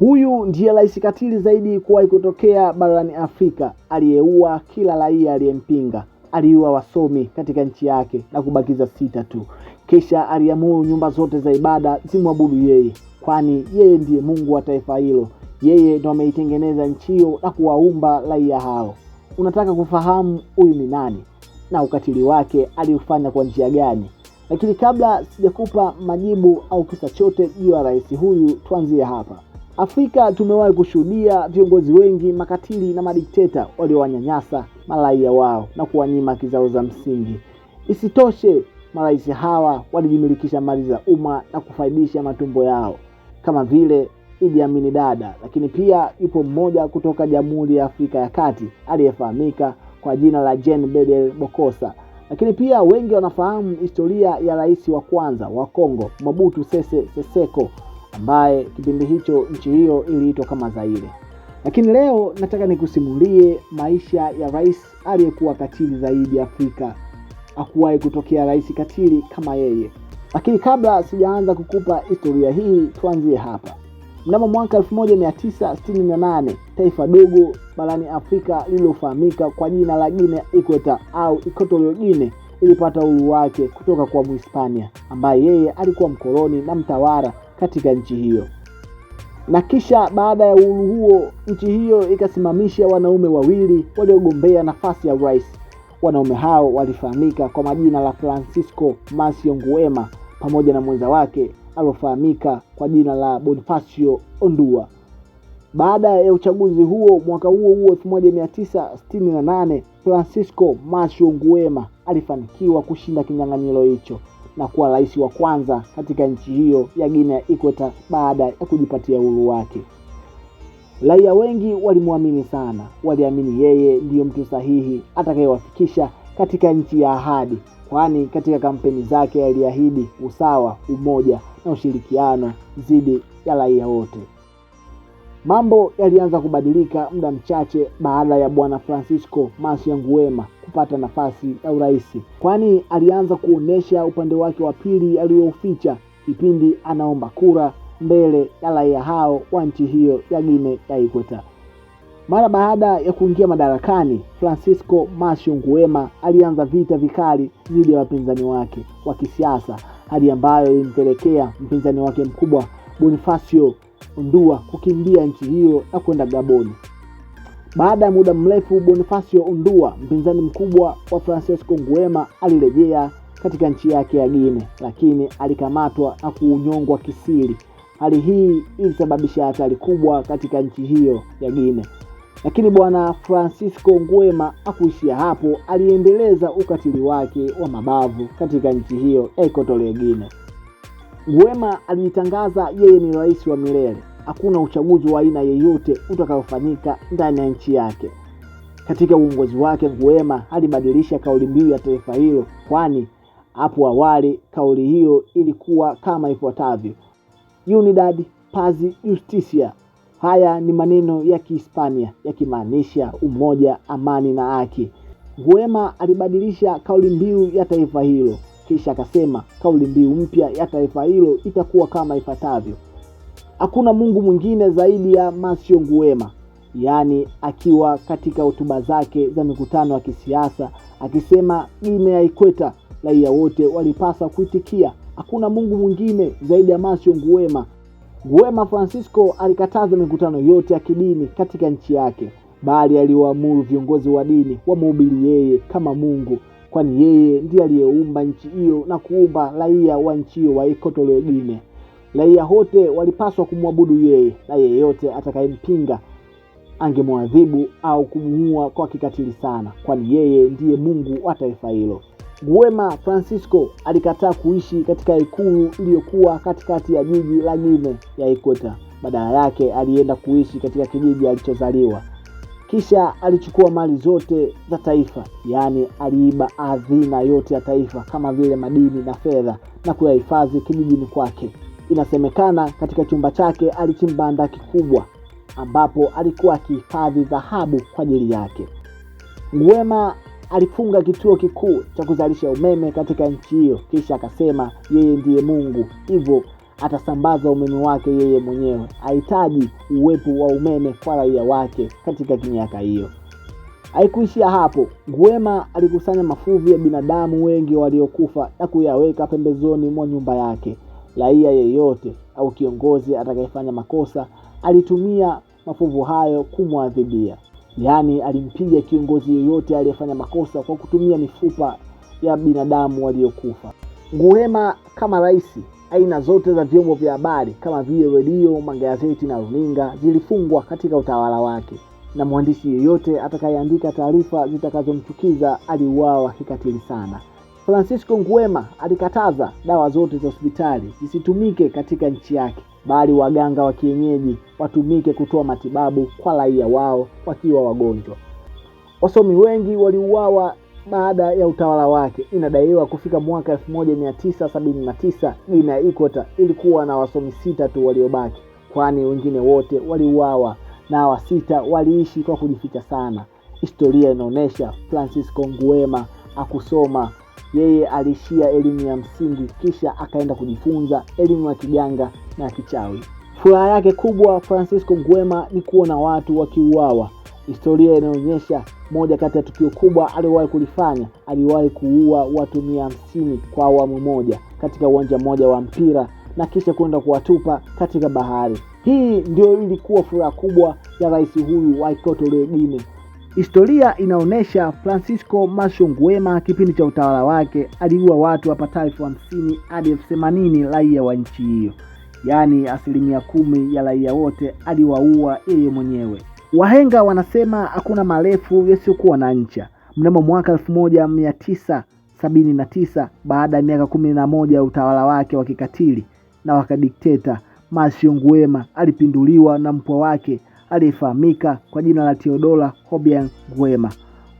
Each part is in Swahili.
Huyu ndiye rais katili zaidi kuwahi kutokea barani Afrika, aliyeua kila raia aliyempinga. Aliua wasomi katika nchi yake na kubakiza sita tu, kisha aliamuru nyumba zote za ibada zimwabudu yeye, kwani yeye ndiye Mungu wa taifa hilo. Yeye ndo ameitengeneza nchi hiyo na kuwaumba raia hao. Unataka kufahamu huyu ni nani na ukatili wake aliufanya kwa njia gani? Lakini kabla sijakupa majibu au kisa chote juu ya rais huyu, tuanzie hapa. Afrika tumewahi kushuhudia viongozi wengi makatili na madikteta waliowanyanyasa malaia wao na kuwanyima haki zao za msingi. Isitoshe, marais hawa walijimilikisha mali za umma na kufaidisha matumbo yao kama vile Idi Amin Dada, lakini pia yupo mmoja kutoka Jamhuri ya Afrika ya Kati aliyefahamika kwa jina la Jean Bedel Bokosa. Lakini pia wengi wanafahamu historia ya rais wa kwanza wa Kongo Mobutu Sese Seseko ambaye kipindi hicho nchi hiyo iliitwa kama Zaire. Lakini leo nataka nikusimulie maisha ya rais aliyekuwa katili zaidi Afrika. Hakuwahi kutokea rais katili kama yeye. Lakini kabla sijaanza kukupa historia hii, tuanzie hapa. Mnamo mwaka 1968 taifa dogo barani Afrika lililofahamika kwa jina la Guinea Ikweta au Equatorial Guinea ilipata uhuru wake kutoka kwa Mhispania ambaye yeye alikuwa mkoloni na mtawala katika nchi hiyo. Na kisha baada ya uhuru huo, nchi hiyo ikasimamisha wanaume wawili waliogombea nafasi ya urais. Wanaume hao walifahamika kwa majina la Francisco Masio Nguema pamoja na mwenza wake alofahamika kwa jina la Bonifacio Ondua. Baada ya uchaguzi huo mwaka huo huo 1968, Francisco Masio Nguema alifanikiwa kushinda kinyang'anyiro hicho na kuwa rais wa kwanza katika nchi hiyo ya Guinea ya Ikweta baada ya kujipatia uhuru wake. Raia wengi walimwamini sana, waliamini yeye ndiyo mtu sahihi atakayewafikisha katika nchi ya ahadi, kwani katika kampeni zake aliahidi usawa, umoja na ushirikiano dhidi ya raia wote. Mambo yalianza kubadilika muda mchache baada ya bwana Francisco nguema kupata nafasi ya urais, kwani alianza kuonesha upande wake wa pili aliyouficha kipindi anaomba kura mbele ya raia hao wa nchi hiyo ya Gine ya Ikweta. Mara baada ya kuingia madarakani, Francisco Masio Nguema alianza vita vikali dhidi ya wapinzani wake wa kisiasa, hali ambayo ilimpelekea mpinzani wake mkubwa Bonifacio Ndua kukimbia nchi hiyo na kwenda Gaboni. Baada ya muda mrefu, Bonifacio Ndua, mpinzani mkubwa wa francisco Nguema, alirejea katika nchi yake ya Guinea, lakini alikamatwa na kuunyongwa kisiri. Hali hii ilisababisha hatari kubwa katika nchi hiyo ya Guinea. Lakini bwana Francisco Nguema akuishia hapo, aliendeleza ukatili wake wa mabavu katika nchi hiyo ya Equatorial Guinea nguema alijitangaza yeye ni rais wa milele, hakuna uchaguzi wa aina yeyote utakayofanyika ndani ya nchi yake. Katika uongozi wake, nguema alibadilisha kauli mbiu ya taifa hilo, kwani hapo awali kauli hiyo ilikuwa kama ifuatavyo: Unidad Paz Justicia. Haya ni maneno ya Kihispania yakimaanisha umoja, amani na haki. nguema alibadilisha kauli mbiu ya taifa hilo kisha akasema kauli mbiu mpya ya taifa hilo itakuwa kama ifuatavyo: hakuna Mungu mwingine zaidi ya Masio Nguema. Yaani, akiwa katika hotuba zake za mikutano ya kisiasa akisema Gine ya Ikweta raia wote walipaswa kuitikia hakuna Mungu mwingine zaidi ya Masio Nguema. Nguema Francisco alikataza mikutano yote ya kidini katika nchi yake, bali aliwaamuru viongozi wa dini wamhubiri yeye kama Mungu kwani yeye ndiye aliyeumba nchi hiyo na kuumba raia wa nchi hiyo wa Equatorial Gine. Raia wote walipaswa kumwabudu yeye na yeyote atakayempinga angemwadhibu au kumuua kwa kikatili sana, kwani yeye ndiye Mungu wa taifa hilo. Guema Francisco alikataa kuishi katika ikulu iliyokuwa katikati ya jiji la Gine ya Ikweta. Badala yake alienda kuishi katika kijiji alichozaliwa kisha alichukua mali zote za taifa, yaani aliiba hazina yote ya taifa kama vile madini na fedha na kuyahifadhi kijijini kwake. Inasemekana katika chumba chake alichimba handaki kubwa ambapo alikuwa akihifadhi dhahabu kwa ajili yake. Nguema alifunga kituo kikuu cha kuzalisha umeme katika nchi hiyo, kisha akasema yeye ndiye Mungu, hivyo atasambaza umeme wake yeye mwenyewe, ahitaji uwepo wa umeme kwa raia wake katika miaka hiyo. Haikuishia hapo. Nguema alikusanya mafuvu ya binadamu wengi waliokufa na kuyaweka pembezoni mwa nyumba yake. Raia yeyote au kiongozi atakayefanya makosa alitumia mafuvu hayo kumwadhibia, yaani alimpiga kiongozi yeyote aliyefanya makosa kwa kutumia mifupa ya binadamu waliokufa. Nguema kama rais aina zote za vyombo vya habari kama vile redio, magazeti na runinga zilifungwa katika utawala wake, na mwandishi yeyote atakayeandika taarifa zitakazomchukiza aliuawa kikatili sana. Francisco Nguema alikataza dawa zote za hospitali zisitumike katika nchi yake, bali waganga wa kienyeji watumike kutoa matibabu kwa raia wao wakiwa wagonjwa. Wasomi wengi waliuawa baada ya utawala wake. Inadaiwa kufika mwaka 1979 Guinea ya Ikweta ilikuwa na wasomi sita tu waliobaki, kwani wengine wote waliuawa na wasita waliishi kwa kujificha sana. Historia inaonyesha Francisco Nguema akusoma yeye alishia elimu ya msingi kisha akaenda kujifunza elimu ya kiganga na kichawi. Furaha yake kubwa Francisco Nguema ni kuona watu wakiuawa. Historia inaonyesha moja kati ya tukio kubwa aliyowahi kulifanya, aliwahi kuua watu mia hamsini kwa awamu moja katika uwanja mmoja wa mpira na kisha kwenda kuwatupa katika bahari. Hii ndio ilikuwa furaha kubwa ya rais huyu Waikato Regina. Historia inaonyesha Francisco mashonguema kipindi cha utawala wake aliua watu wapatao elfu hamsini hadi elfu themanini raia wa nchi hiyo, yaani asilimia kumi ya raia wote aliwaua yeye mwenyewe. Wahenga wanasema hakuna marefu yasiyokuwa na ncha. Mnamo mwaka tisa baada ya miaka kumi na moja ya utawala wake wa kikatili na wakadikteta, Masio Nguema alipinduliwa na mpwa wake aliyefahamika kwa jina la Theodora Obiang Nguema.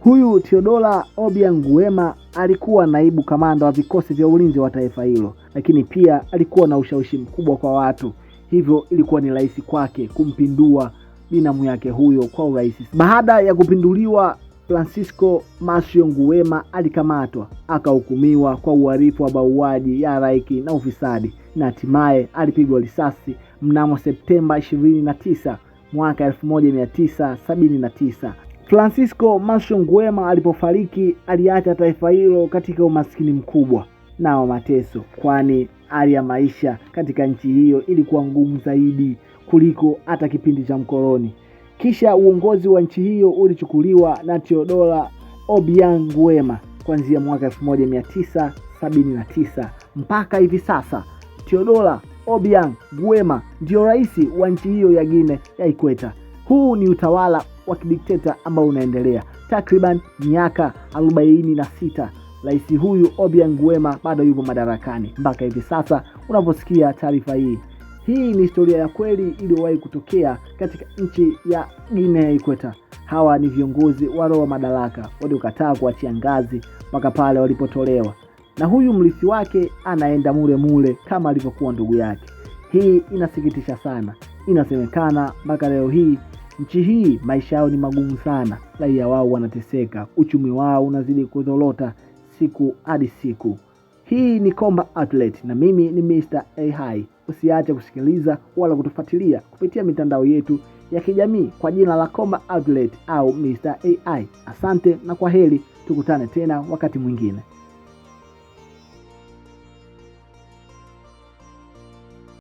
Huyu Theodora Obiang Nguema alikuwa naibu kamanda wa vikosi vya ulinzi wa taifa hilo, lakini pia alikuwa na ushawishi mkubwa kwa watu, hivyo ilikuwa ni rahisi kwake kumpindua binamu yake huyo kwa urahisi. Baada ya kupinduliwa, Francisco Masio Nguema alikamatwa akahukumiwa kwa uhalifu wa mauaji ya halaiki na ufisadi na hatimaye alipigwa risasi mnamo Septemba 29 mwaka 1979. Francisco Masio Nguema alipofariki aliacha taifa hilo katika umaskini mkubwa na wa mateso, kwani hali ya maisha katika nchi hiyo ilikuwa ngumu zaidi kuliko hata kipindi cha mkoloni. Kisha uongozi wa nchi hiyo ulichukuliwa na Theodora Obiang Nguema kuanzia mwaka 1979 mpaka hivi sasa. Theodora Obiang Nguema ndio rais wa nchi hiyo ya Guinea ya Ikweta. Huu ni utawala wa kidikteta ambao unaendelea takriban miaka 46. Rais huyu Obiang Nguema bado yupo madarakani mpaka hivi sasa unaposikia taarifa hii. Hii ni historia ya kweli iliyowahi kutokea katika nchi ya Guinea ya Ikweta. Hawa ni viongozi wa roho madaraka waliokataa kuachia ngazi mpaka pale walipotolewa, na huyu mrithi wake anaenda mule mule kama alivyokuwa ndugu yake. Hii inasikitisha sana. Inasemekana mpaka leo hii nchi hii maisha yao ni magumu sana, raia wao wanateseka, uchumi wao unazidi kudhorota siku hadi siku. Hii ni Komba Outlet na mimi ni Mr. AI usiache kusikiliza wala kutufuatilia kupitia mitandao yetu ya kijamii kwa jina la Komba Outlet au Mr. AI. Asante na kwa heri, tukutane tena wakati mwingine.